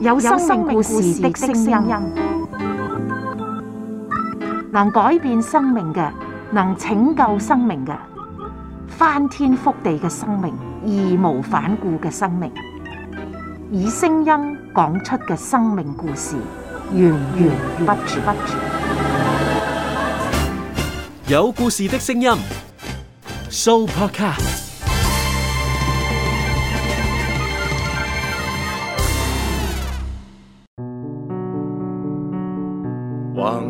有生命故事的聲音，能改變生命嘅，能拯救生命嘅，翻天覆地嘅生命，義無反顧嘅生命，以聲音講出嘅生命故事，源源不絕。有故事的聲音，Soupercast。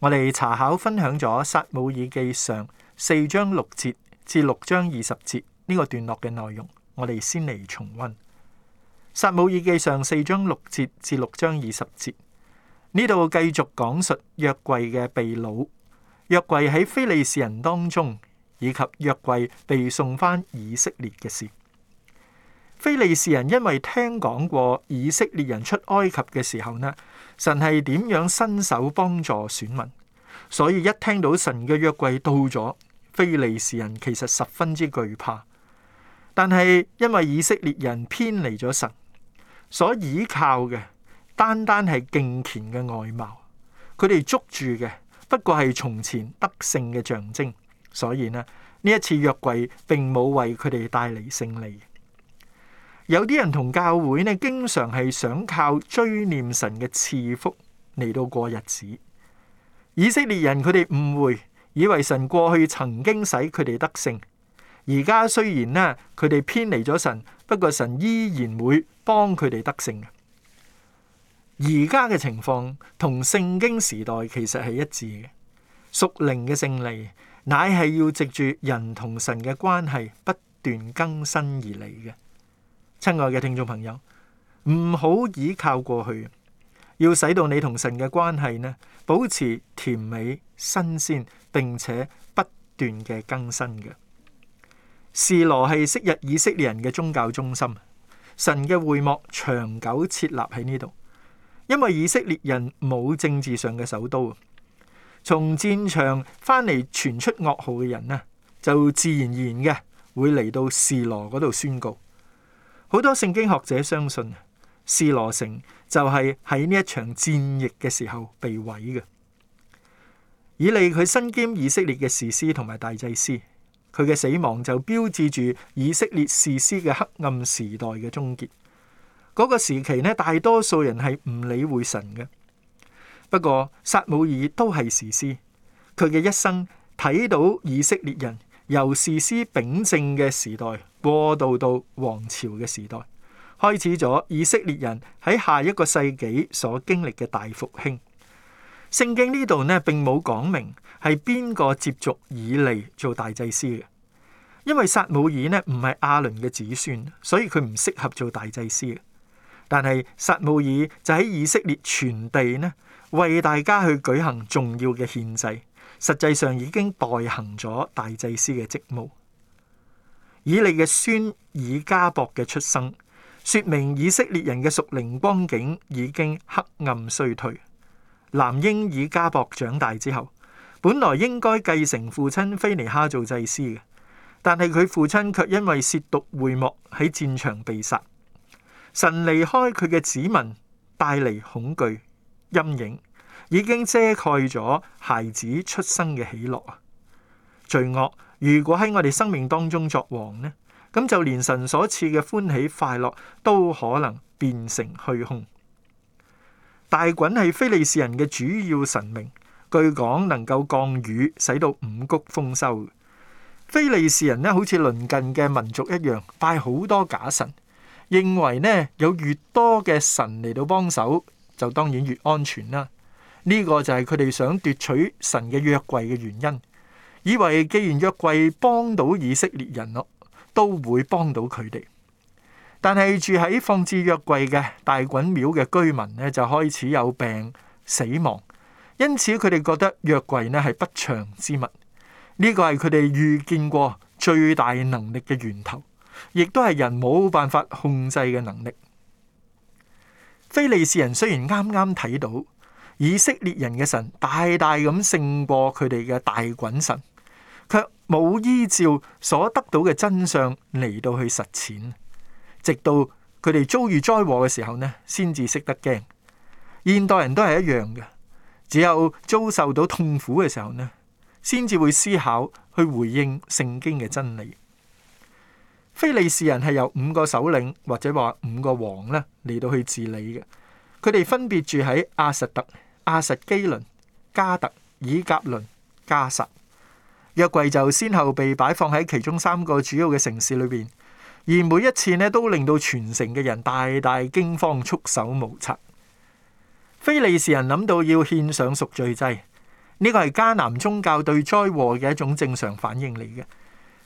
我哋查考分享咗《撒母耳記上》四章六節至六章二十節呢個段落嘅內容，我哋先嚟重温《撒母耳記上》四章六節至六章二十節。呢度繼續講述約櫃嘅被擄，約櫃喺非利士人當中，以及約櫃被送翻以色列嘅事。非利士人因為聽講過以色列人出埃及嘅時候呢？神係點樣伸手幫助選民？所以一聽到神嘅約櫃到咗，非利士人其實十分之懼怕。但係因為以色列人偏離咗神所依靠嘅，單單係敬虔嘅外貌，佢哋捉住嘅不過係從前得勝嘅象徵，所以呢，呢一次約櫃並冇為佢哋帶嚟勝利。有啲人同教會咧，經常係想靠追念神嘅賜福嚟到過日子。以色列人佢哋誤會，以為神過去曾經使佢哋得勝，而家雖然咧，佢哋偏離咗神，不過神依然會幫佢哋得勝。而家嘅情況同聖經時代其實係一致嘅。屬靈嘅勝利乃係要藉住人同神嘅關係不斷更新而嚟嘅。親愛嘅聽眾朋友，唔好倚靠過去，要使到你同神嘅關係呢，保持甜美新鮮，並且不斷嘅更新嘅。示羅係昔日以色列人嘅宗教中心，神嘅會幕長久設立喺呢度，因為以色列人冇政治上嘅首都啊。從戰場翻嚟傳出噩耗嘅人呢，就自然而然嘅會嚟到示羅嗰度宣告。好多聖經學者相信，示羅城就係喺呢一場戰役嘅時候被毀嘅。以利佢身兼以色列嘅士師同埋大祭司，佢嘅死亡就標誌住以色列士師嘅黑暗時代嘅終結。嗰、那個時期呢，大多數人係唔理會神嘅。不過撒母耳都係士師，佢嘅一生睇到以色列人，由士師秉政嘅時代過渡到王朝嘅時代，開始咗以色列人喺下一個世紀所經歷嘅大復興。聖經呢度呢，並冇講明係邊個接續以利做大祭司嘅，因為撒母耳呢唔係亞倫嘅子孫，所以佢唔適合做大祭司。但係撒母耳就喺以色列全地呢，為大家去舉行重要嘅獻祭，實際上已經代行咗大祭司嘅職務。以利嘅孫以加博嘅出生，説明以色列人嘅屬靈光景已經黑暗衰退。男嬰以加博長大之後，本來應該繼承父親菲尼哈做祭司嘅，但係佢父親卻因為褻瀆會幕喺戰場被殺。神離開佢嘅子民，帶嚟恐懼陰影。已經遮蓋咗孩子出生嘅喜樂啊！罪惡如果喺我哋生命當中作王呢，咁就連神所賜嘅歡喜快樂都可能變成虛空。大衮係非利士人嘅主要神明，據講能夠降雨，使到五穀豐收。非利士人呢，好似鄰近嘅民族一樣，拜好多假神，認為呢，有越多嘅神嚟到幫手，就當然越安全啦。呢個就係佢哋想奪取神嘅約櫃嘅原因，以為既然約櫃幫到以色列人咯，都會幫到佢哋。但係住喺放置約櫃嘅大衮廟嘅居民呢，就開始有病死亡，因此佢哋覺得約櫃呢係不祥之物。呢個係佢哋遇見過最大能力嘅源頭，亦都係人冇辦法控制嘅能力。非利士人雖然啱啱睇到，以色列人嘅神大大咁勝過佢哋嘅大衮神，卻冇依照所得到嘅真相嚟到去實踐。直到佢哋遭遇災禍嘅時候呢，先至識得驚。現代人都係一樣嘅，只有遭受到痛苦嘅時候呢，先至會思考去回應聖經嘅真理。非利士人係由五個首領或者話五個王呢嚟到去治理嘅，佢哋分別住喺阿實特。阿實基倫、迦特、以革倫、迦薩，約櫃就先後被擺放喺其中三個主要嘅城市裏邊，而每一次呢都令到全城嘅人大大驚慌、束手無策。非利士人諗到要獻上贖罪祭，呢個係迦南宗教對災禍嘅一種正常反應嚟嘅。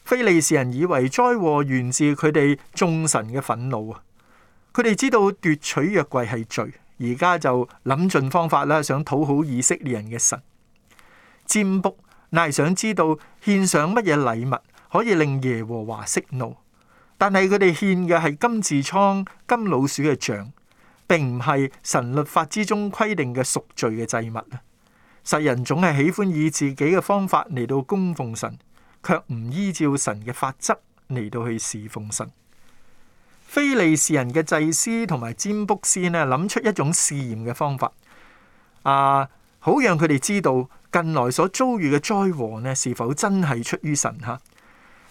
非利士人以為災禍源自佢哋眾神嘅憤怒啊！佢哋知道奪取約櫃係罪。而家就諗盡方法啦，想討好以色列人嘅神。占卜，乃係想知道獻上乜嘢禮物可以令耶和華息怒。但係佢哋獻嘅係金痔瘡、金老鼠嘅像，並唔係神律法之中規定嘅贖罪嘅祭物啊！世人總係喜歡以自己嘅方法嚟到供奉神，卻唔依照神嘅法則嚟到去侍奉神。非利士人嘅祭司同埋占卜師呢，諗出一種試驗嘅方法啊，好讓佢哋知道近來所遭遇嘅災禍呢，是否真係出於神吓。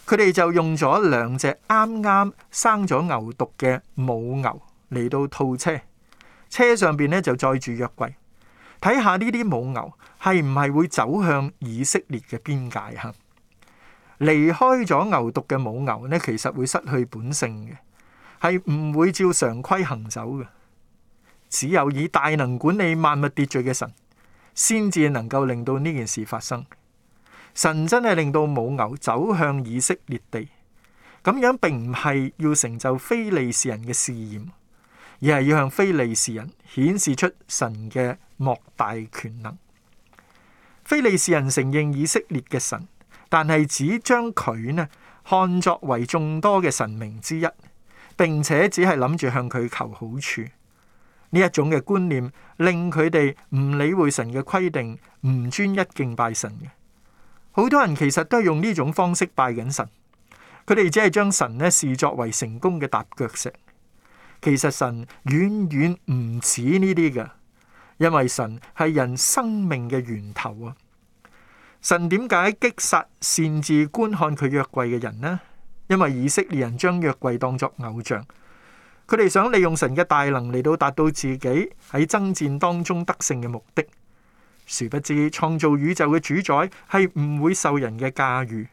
佢哋就用咗兩隻啱啱生咗牛犢嘅母牛嚟到套車，車上邊呢就載住約櫃，睇下呢啲母牛係唔係會走向以色列嘅邊界吓。離開咗牛犢嘅母牛呢，其實會失去本性嘅。係唔會照常規行走嘅，只有以大能管理萬物秩序嘅神，先至能夠令到呢件事發生。神真係令到母牛走向以色列地，咁樣並唔係要成就非利士人嘅試驗，而係要向非利士人顯示出神嘅莫大權能。非利士人承認以色列嘅神，但係只將佢呢看作為眾多嘅神明之一。並且只係諗住向佢求好處，呢一種嘅觀念令佢哋唔理會神嘅規定，唔專一敬拜神嘅。好多人其實都係用呢種方式拜緊神，佢哋只係將神呢視作為成功嘅踏腳石。其實神遠遠唔似呢啲嘅，因為神係人生命嘅源頭啊！神點解擊殺擅自觀看佢約櫃嘅人呢？因為以色列人將約櫃當作偶像，佢哋想利用神嘅大能嚟到達到自己喺爭戰當中得勝嘅目的。殊不知創造宇宙嘅主宰係唔會受人嘅駕馭，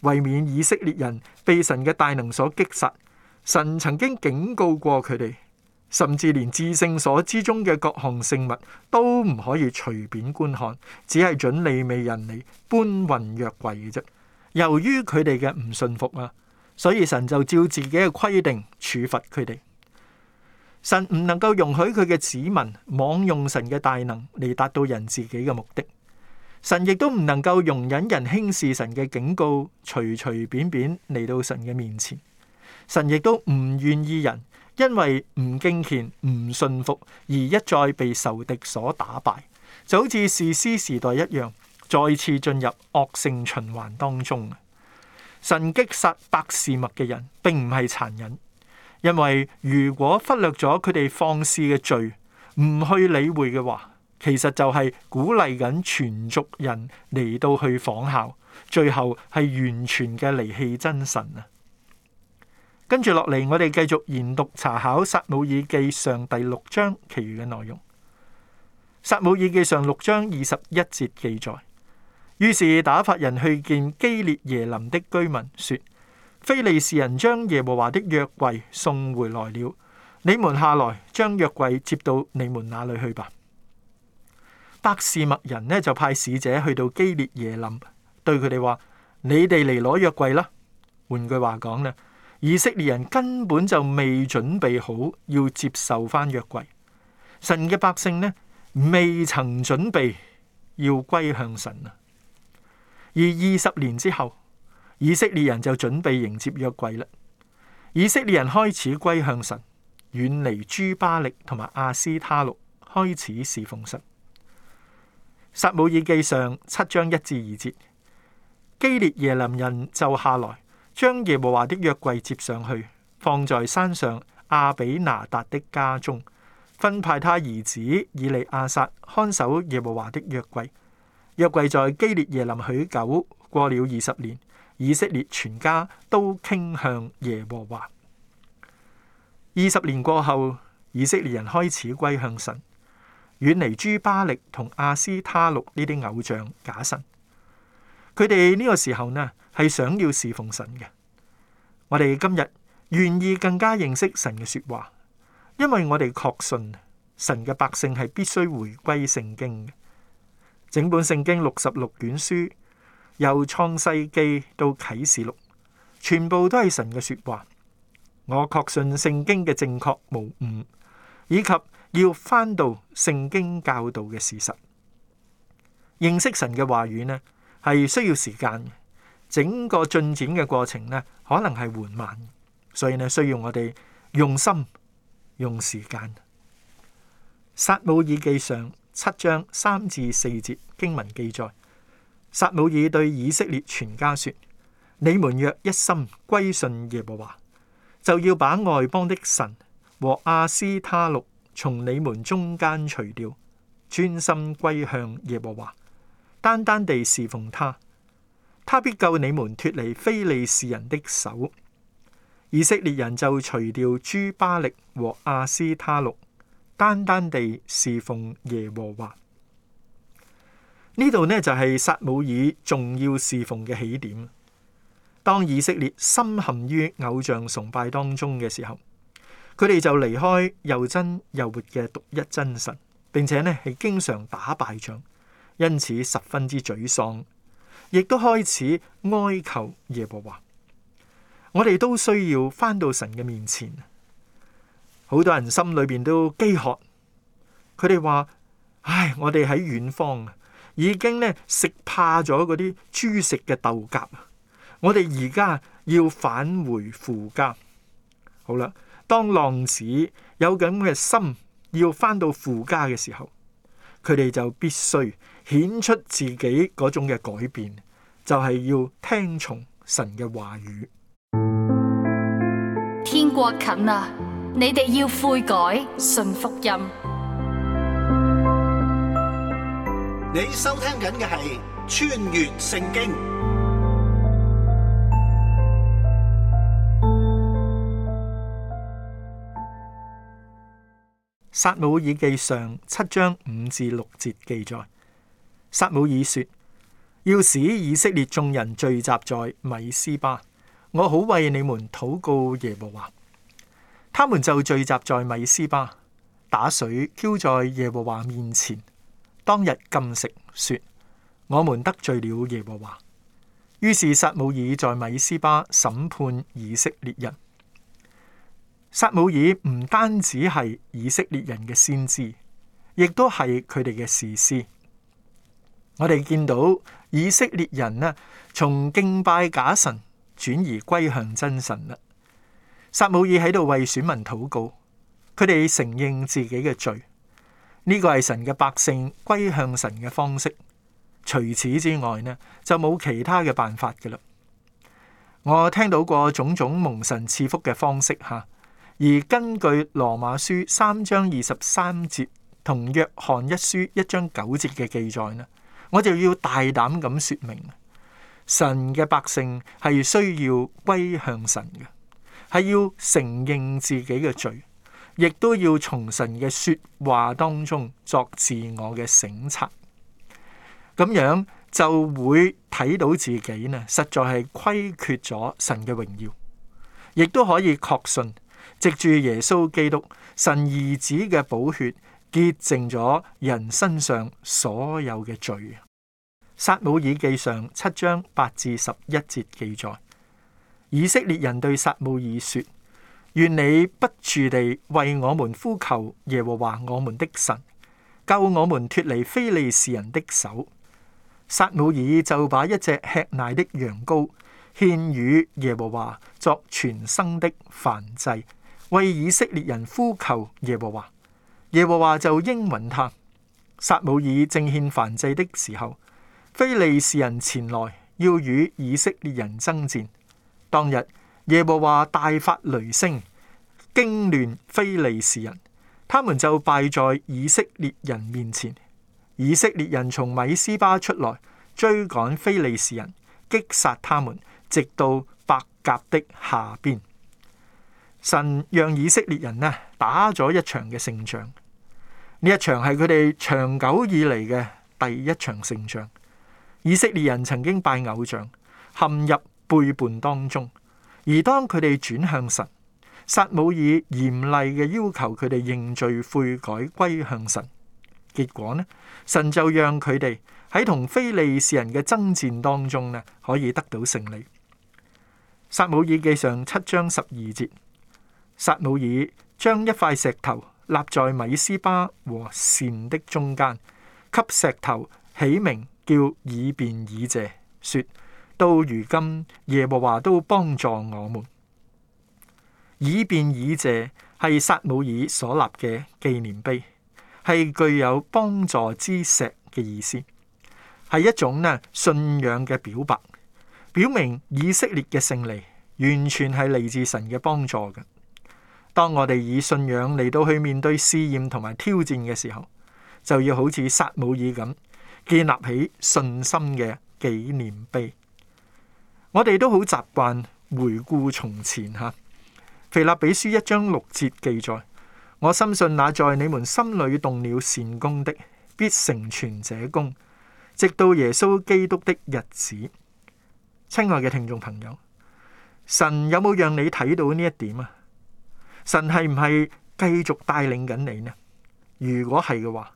為免以色列人被神嘅大能所擊殺，神曾經警告過佢哋，甚至連至聖所之中嘅各項聖物都唔可以隨便觀看，只係准利未人嚟搬運約櫃嘅啫。由於佢哋嘅唔信服啊。所以神就照自己嘅規定處罰佢哋。神唔能夠容許佢嘅子民妄用神嘅大能嚟達到人自己嘅目的。神亦都唔能夠容忍人輕視神嘅警告，隨隨便便嚟到神嘅面前。神亦都唔願意人因為唔敬虔、唔信服而一再被仇敵所打敗，就好似士師時代一樣，再次進入惡性循環當中。神擊殺伯示麥嘅人，並唔係殘忍，因為如果忽略咗佢哋放肆嘅罪，唔去理會嘅話，其實就係鼓勵緊全族人嚟到去仿效，最後係完全嘅離棄真神啊！跟住落嚟，我哋繼續研讀查考撒母耳記上第六章其餘嘅內容。撒母耳記上六章二十一節記載。於是打發人去見基列耶林的居民，說：非利士人將耶和華的約櫃送回來了，你們下來將約櫃接到你們那裏去吧。伯示麥人呢就派使者去到基列耶林，對佢哋話：你哋嚟攞約櫃啦。換句話講呢，以色列人根本就未準備好要接受返約櫃，神嘅百姓呢未曾準備要歸向神啊。而二十年之後，以色列人就準備迎接約櫃啦。以色列人開始歸向神，遠離諸巴力同埋亞斯他錄，開始侍奉神。撒母耳記上七章一至二節：基列耶林人就下來，將耶和華的約櫃接上去，放在山上亞比拿達的家中，分派他兒子以利亞撒看守耶和華的約櫃。約櫃在基列耶林許久，過了二十年，以色列全家都傾向耶和華。二十年過後，以色列人開始歸向神，遠離諸巴力同亞斯他錄呢啲偶像假神。佢哋呢個時候呢，係想要侍奉神嘅。我哋今日願意更加認識神嘅說話，因為我哋確信神嘅百姓係必須回歸聖經嘅。整本聖經六十六卷書，由創世記到啟示錄，全部都係神嘅說話。我確信聖經嘅正確無誤，以及要翻到聖經教導嘅事實，認識神嘅話語呢，係需要時間嘅。整個進展嘅過程呢，可能係緩慢，所以呢需要我哋用心用時間。撒母耳記上，七章三至四節經文記載，撒母耳對以色列全家說：你們若一心歸順耶和華，就要把外邦的神和亞斯他錄從你們中間除掉，專心歸向耶和華，單單地侍奉他，他必救你們脫離非利士人的手。以色列人就除掉諸巴力和亞斯他錄。單單地侍奉耶和華呢度呢，就係撒母耳重要侍奉嘅起點。當以色列深陷於偶像崇拜當中嘅時候，佢哋就離開又真又活嘅獨一真神，並且呢係經常打敗仗，因此十分之沮喪，亦都開始哀求耶和華。我哋都需要翻到神嘅面前。好多人心裏邊都飢渴，佢哋話：唉，我哋喺遠方，已經咧食怕咗嗰啲豬食嘅豆莢。我哋而家要返回父家。好啦，當浪子有咁嘅心要翻到父家嘅時候，佢哋就必須顯出自己嗰種嘅改變，就係、是、要聽從神嘅話語。天國近啦。你哋要悔改，信福音。你收聽緊嘅係《穿越聖經》。撒母耳記上七章五至六節記載，撒母耳說：要使以色列眾人聚集在米斯巴，我好為你們禱告耶和華。他們就聚集在米斯巴打水，澆在耶和華面前。當日禁食，說：我們得罪了耶和華。於是撒母耳在米斯巴審判以色列人。撒母耳唔單止係以色列人嘅先知，亦都係佢哋嘅士師。我哋見到以色列人呢，從敬拜假神轉移歸向真神啦。撒母耳喺度為選民禱告，佢哋承認自己嘅罪，呢、呢個係神嘅百姓歸向神嘅方式。除此之外呢，就冇其他嘅辦法嘅啦。我聽到過種種蒙神賜福嘅方式吓、啊，而根據羅馬書三章二十三節同約翰一書一章九節嘅記載呢，我就要大膽咁說明，神嘅百姓係需要歸向神嘅。係要承認自己嘅罪，亦都要從神嘅說話當中作自我嘅省察，咁樣就會睇到自己呢，實在係虧缺咗神嘅榮耀，亦都可以確信，藉住耶穌基督神兒子嘅寶血潔淨咗人身上所有嘅罪。撒母耳記上七章八至十一節記載。以色列人對撒母耳說：願你不住地為我們呼求耶和華我們的神，救我們脫離非利士人的手。撒母耳就把一隻吃奶的羊羔獻與耶和華作全牲的燔祭，為以色列人呼求耶和華。耶和華就應允他。撒母耳正獻燔祭的時候，非利士人前來要與以色列人爭戰。當日耶和華大發雷聲，驚亂非利士人，他們就敗在以色列人面前。以色列人從米斯巴出來追趕非利士人，擊殺他們，直到伯甲的下邊。神讓以色列人呢打咗一場嘅勝仗，呢一場係佢哋長久以嚟嘅第一場勝仗。以色列人曾經拜偶像，陷入背叛當中，而當佢哋轉向神，撒母耳嚴厲嘅要求佢哋認罪悔改歸向神。結果呢，神就讓佢哋喺同非利士人嘅爭戰當中呢，可以得到勝利。撒母耳記上七章十二節，撒母耳將一塊石頭立在米斯巴和善的中間，給石頭起名叫以便以謝，說。到如今，耶和華都幫助我們。以便以謝係撒母耳所立嘅紀念碑，係具有幫助之石嘅意思，係一種咧信仰嘅表白，表明以色列嘅勝利完全係嚟自神嘅幫助嘅。當我哋以信仰嚟到去面對試驗同埋挑戰嘅時候，就要好似撒母耳咁建立起信心嘅紀念碑。我哋都好習慣回顧從前吓。腓立比書一章六節記載：我深信那在你們心裏動了善工的，必成全這工，直到耶穌基督的日子。親愛嘅聽眾朋友，神有冇讓你睇到呢一點啊？神係唔係繼續帶領緊你呢？如果係嘅話，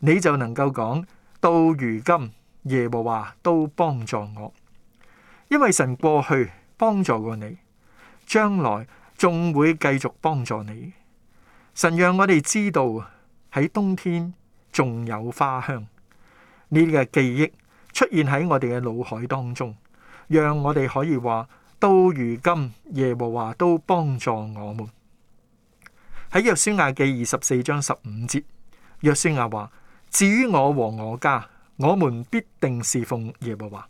你就能夠講到如今，耶和華都幫助我。因為神過去幫助過你，將來仲會繼續幫助你。神讓我哋知道，喺冬天仲有花香，呢啲嘅記憶出現喺我哋嘅腦海當中，讓我哋可以話：「到如今，耶和華都幫助我們。」喺約書亞記二十四章十五節，約書亞話：「至於我和我家，我們必定侍奉耶和華。」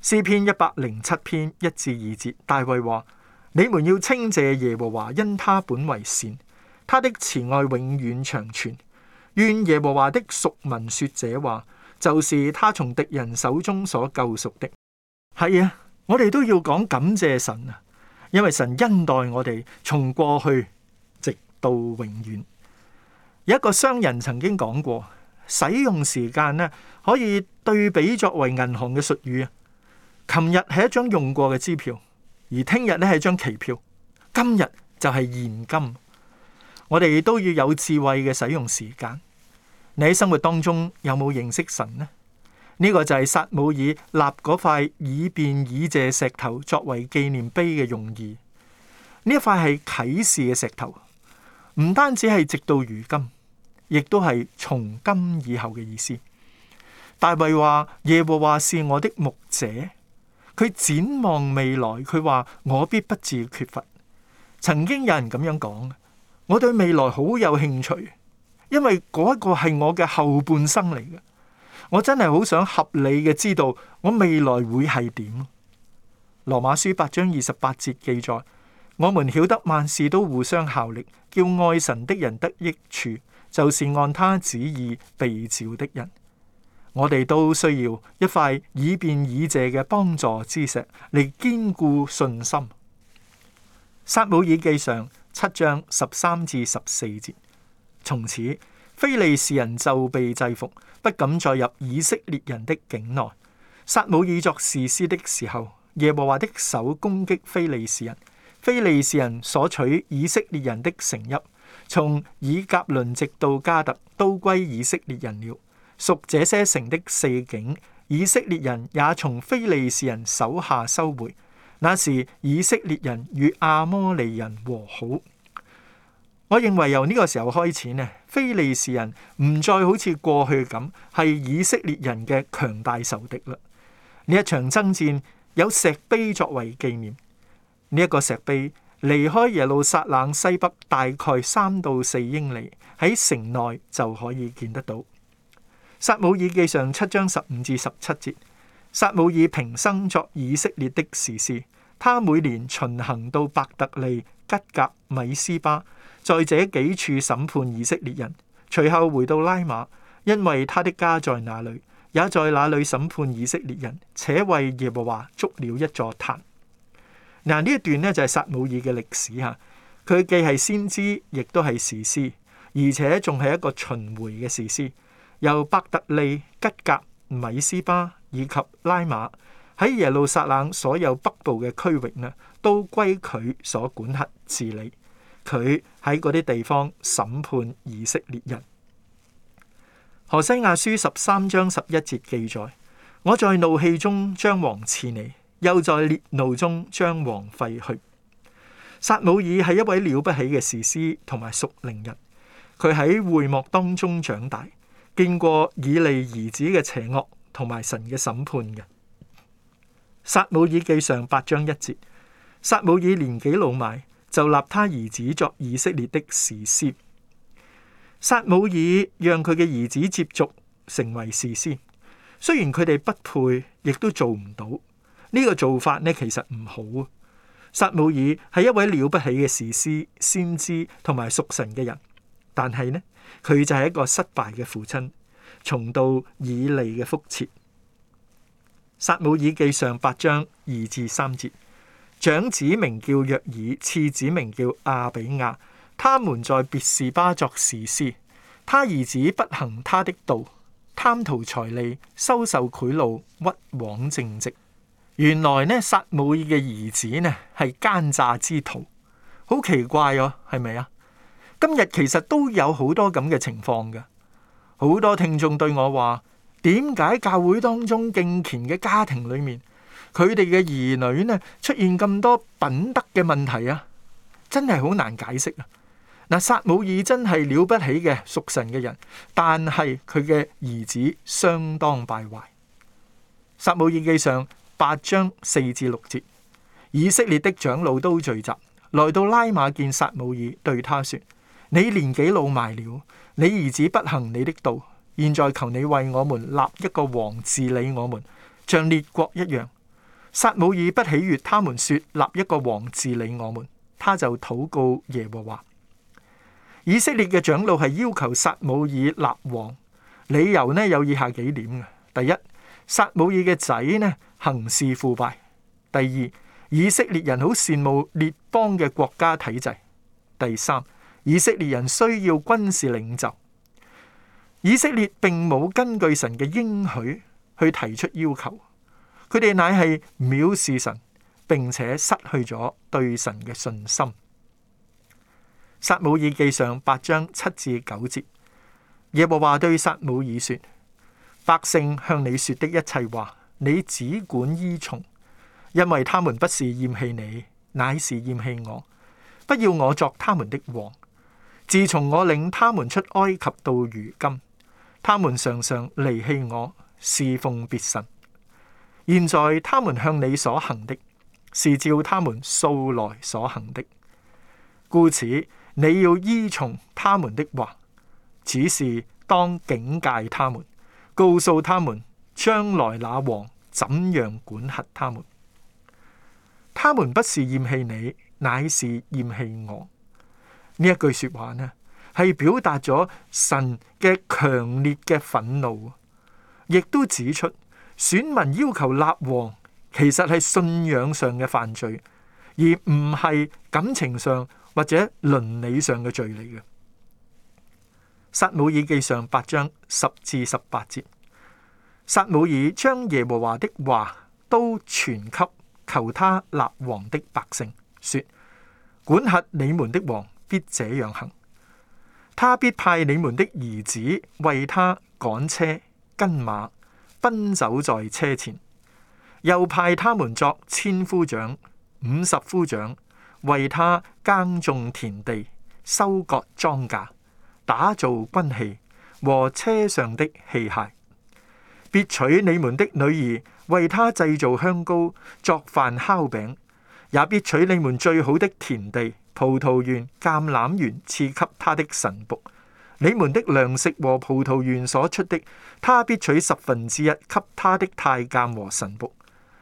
詩篇一百零七篇一至二節，大衛話：你們要稱謝耶和華，因他本為善，他的慈愛永遠長存。願耶和華的贖民說這話，就是他從敵人手中所救贖的。係啊，我哋都要講感謝神啊，因為神恩待我哋，從過去直到永遠。有一個商人曾經講過，使用時間呢，可以對比作為銀行嘅術語琴日係一張用過嘅支票，而聽日呢係張期票，今日就係現金。我哋都要有智慧嘅使用時間。你喺生活當中有冇認識神呢？呢、這個就係撒母耳立嗰塊以便以借石頭作為紀念碑嘅用意。呢一塊係啟示嘅石頭，唔單止係直到如今，亦都係從今以後嘅意思。大衛話：耶和華是我的牧者。佢展望未來，佢話我必不至缺乏。曾經有人咁樣講，我對未來好有興趣，因為嗰一個係我嘅後半生嚟嘅。我真係好想合理嘅知道我未來會係點。羅馬書八章二十八節記載：我們曉得萬事都互相效力，叫愛神的人得益處，就是按他旨意被召的人。我哋都需要一塊以便以謝嘅幫助之石，嚟堅固信心。撒母耳記上七章十三至十四節：，從此非利士人就被制服，不敢再入以色列人的境內。撒母耳作士師的時候，耶和華的手攻擊非利士人，非利士人所取以色列人的城邑，從以革倫直到加特，都歸以色列人了。屬這些城的四景，以色列人也從非利士人手下收回。那時，以色列人與阿摩利人和好。我認為由呢個時候開始呢，非利士人唔再好似過去咁係以色列人嘅強大仇敵啦。呢一場爭戰有石碑作為紀念。呢、這、一個石碑離開耶路撒冷西北大概三到四英里，喺城內就可以見得到。撒母耳記上七章十五至十七節，撒母耳平生作以色列的士師，他每年巡行到伯特利、吉甲、米斯巴，在這幾處審判以色列人，隨後回到拉馬，因為他的家在那裏，也在那裏審判以色列人，且為耶和華築了一座壇。嗱、嗯，呢一段呢就係、是、撒母耳嘅歷史吓，佢既係先知，亦都係士師，而且仲係一個巡回嘅士師。由伯特利、吉格、米斯巴以及拉馬喺耶路撒冷所有北部嘅區域呢，都歸佢所管轄治理。佢喺嗰啲地方審判以色列人。何西亞書十三章十一節記載，我在怒氣中將王賜你，又在烈怒中將王廢去。撒母耳係一位了不起嘅士師同埋屬靈人，佢喺會幕當中長大。見過以利兒子嘅邪惡同埋神嘅審判嘅《撒母耳記》上八章一節，撒母耳年紀老邁，就立他兒子作以色列的士師。撒母耳讓佢嘅兒子接續成為士師，雖然佢哋不配，亦都做唔到呢、呢個做法呢，其實唔好啊。撒母耳係一位了不起嘅士師、先知同埋屬神嘅人，但係呢？佢就係一個失敗嘅父親，重蹈以利嘅覆轍。撒母耳記上八章二至三節，長子名叫約珥，次子名叫亞比雅。他們在別是巴作士師。他兒子不行他的道，貪圖財利，收受賄賂，屈枉正直。原來呢，撒母耳嘅兒子呢係奸詐之徒，好奇怪哦，係咪啊？今日其實都有好多咁嘅情況嘅，好多聽眾對我話：點解教會當中敬虔嘅家庭裏面，佢哋嘅兒女呢出現咁多品德嘅問題啊？真係好難解釋啊！嗱，撒母耳真係了不起嘅屬神嘅人，但係佢嘅兒子相當敗壞。撒母耳記上八章四至六節，以色列的長老都聚集，來到拉馬見撒母耳，對他說。你年紀老邁了，你兒子不行你的道。現在求你為我們立一個王治理我們，像列國一樣。撒母耳不喜悦他們說立一個王治理我們，他就禱告耶和華。以色列嘅長老係要求撒母耳立王，理由呢有以下幾點：第一，撒母耳嘅仔呢行事腐敗；第二，以色列人好羨慕列邦嘅國家體制；第三。以色列人需要軍事領袖，以色列並冇根據神嘅應許去提出要求，佢哋乃係藐視神，並且失去咗對神嘅信心。撒母耳記上八章七至九節，耶和華對撒母耳說：百姓向你說的一切話，你只管依從，因為他們不是厭棄你，乃是厭棄我，不要我作他們的王。自從我領他們出埃及到如今，他們常常離棄我，侍奉別神。現在他們向你所行的，是照他們素來所行的。故此你要依從他們的話，只是當警戒他們，告訴他們將來那王怎樣管轄他們。他們不是厭棄你，乃是厭棄我。呢一句說話呢，係表達咗神嘅強烈嘅憤怒，亦都指出選民要求立王其實係信仰上嘅犯罪，而唔係感情上或者倫理上嘅罪嚟嘅。撒母耳記上八章十至十八節，撒母耳將耶和華的話都傳給求他立王的百姓，說：管轄你們的王。必這樣行，他必派你們的兒子為他趕車跟馬，奔走在車前；又派他們作千夫長、五十夫長，為他耕種田地、收割莊稼、打造軍器和車上的器械；必取你們的女兒為他製造香膏、作飯烤餅。也必取你們最好的田地、葡萄園、橄欖園，賜給他的臣僕。你們的糧食和葡萄園所出的，他必取十分之一給他的太監和臣僕；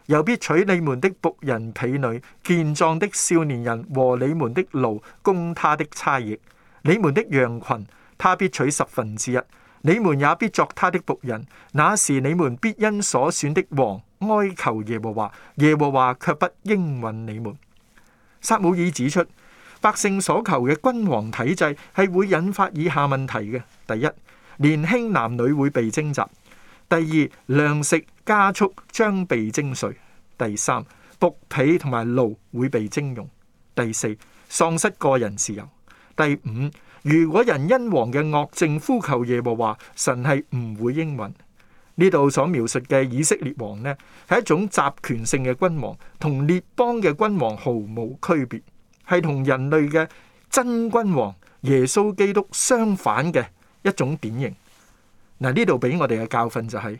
又必取你們的僕人、婢女、健壯的少年人和你們的奴，供他的差役。你們的羊群，他必取十分之一。你們也必作他的僕人，那時你們必因所選的王哀求耶和華，耶和華卻不應允你們。撒母耳指出，百姓所求嘅君王體制係會引發以下問題嘅：第一，年輕男女會被徵集；第二，糧食、家畜將被徵稅；第三，僕婢同埋奴會被徵用；第四，喪失個人自由；第五。如果人因王嘅惡政呼求耶和華，神係唔會應允。呢度所描述嘅以色列王呢，係一種集權性嘅君王，同列邦嘅君王毫無區別，係同人類嘅真君王耶穌基督相反嘅一種典型。嗱、就是，呢度俾我哋嘅教訓就係。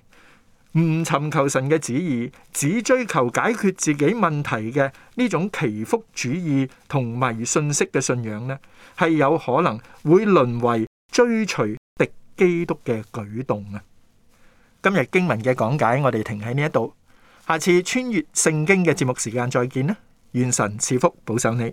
唔尋求神嘅旨意，只追求解決自己問題嘅呢種祈福主義同迷信式嘅信仰呢，係有可能會淪為追隨敵基督嘅舉動啊！今日經文嘅講解，我哋停喺呢一度，下次穿越聖經嘅節目時間再見啦！願神賜福保守你。